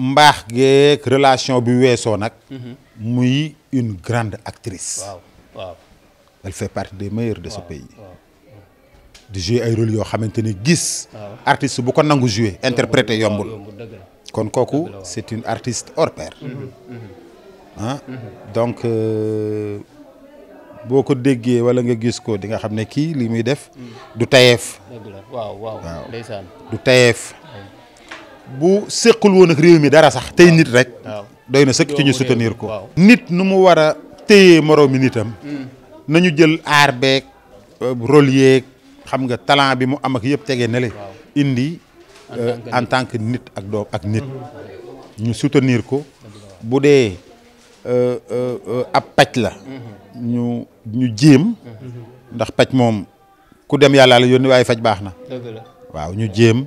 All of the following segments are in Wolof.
mbaax relation bi weesoo nag. Mhm. muy une grande actrice. waaw waaw. elle fait partie des meilleurs de ce pays. de jouer ay rôle yo xamante ni gis. artiste bu ko nangu jouer interpréter yombul. kon koku c'est une artiste hors pair. hein donc euh, boo ko déggee wala nga gis ko di nga xam ne kii li muy def. du tayeef. dëgg la waaw waaw ndeysaan du tayeef. bu séqul woon ak réew mi dara sax tey nit rek doy na sëkk ci ñu soutenir ko nit nu mu war a téyee moroomi nitam hmm. nañu jël aar beeg euh, rôle xam nga talent bi mu am ak yëpp tegee ne indi en euh, tant que nit ak doom ak nit hmm. ñu soutenir ko bu dee euh, ab paj la hmm. ñu ñu jéem ndax paj moom ku dem yàlla la yónni waaye faj baax na waaw ñu jéem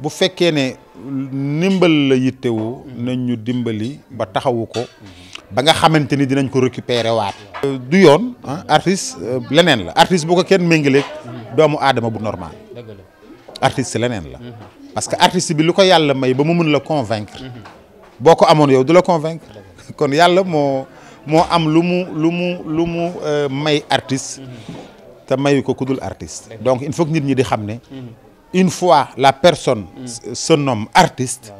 bu fekkee ne ndimbal la yittewoo nañ dimbali ba taxawu ko ba nga xamante dinañ ko récupérer waat. du yoon ah, artiste euh, leneen la artiste bu ko kenn méngaleeg doomu aadama bu normal artiste la mhm. parce que artiste bi lu ko may ba convaincre mhm. boo ko amoon yow du convaincre kon am lu mu lu mu lu mu euh, may artiste mhm. te ko artiste donc il faut que nit ñi une fois la personne mm. se nomme artiste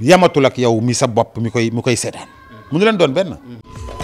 yamatul ak yow mi sa bopp mi koy mi koy seetaan mm. mu ñu leen doon benn mm.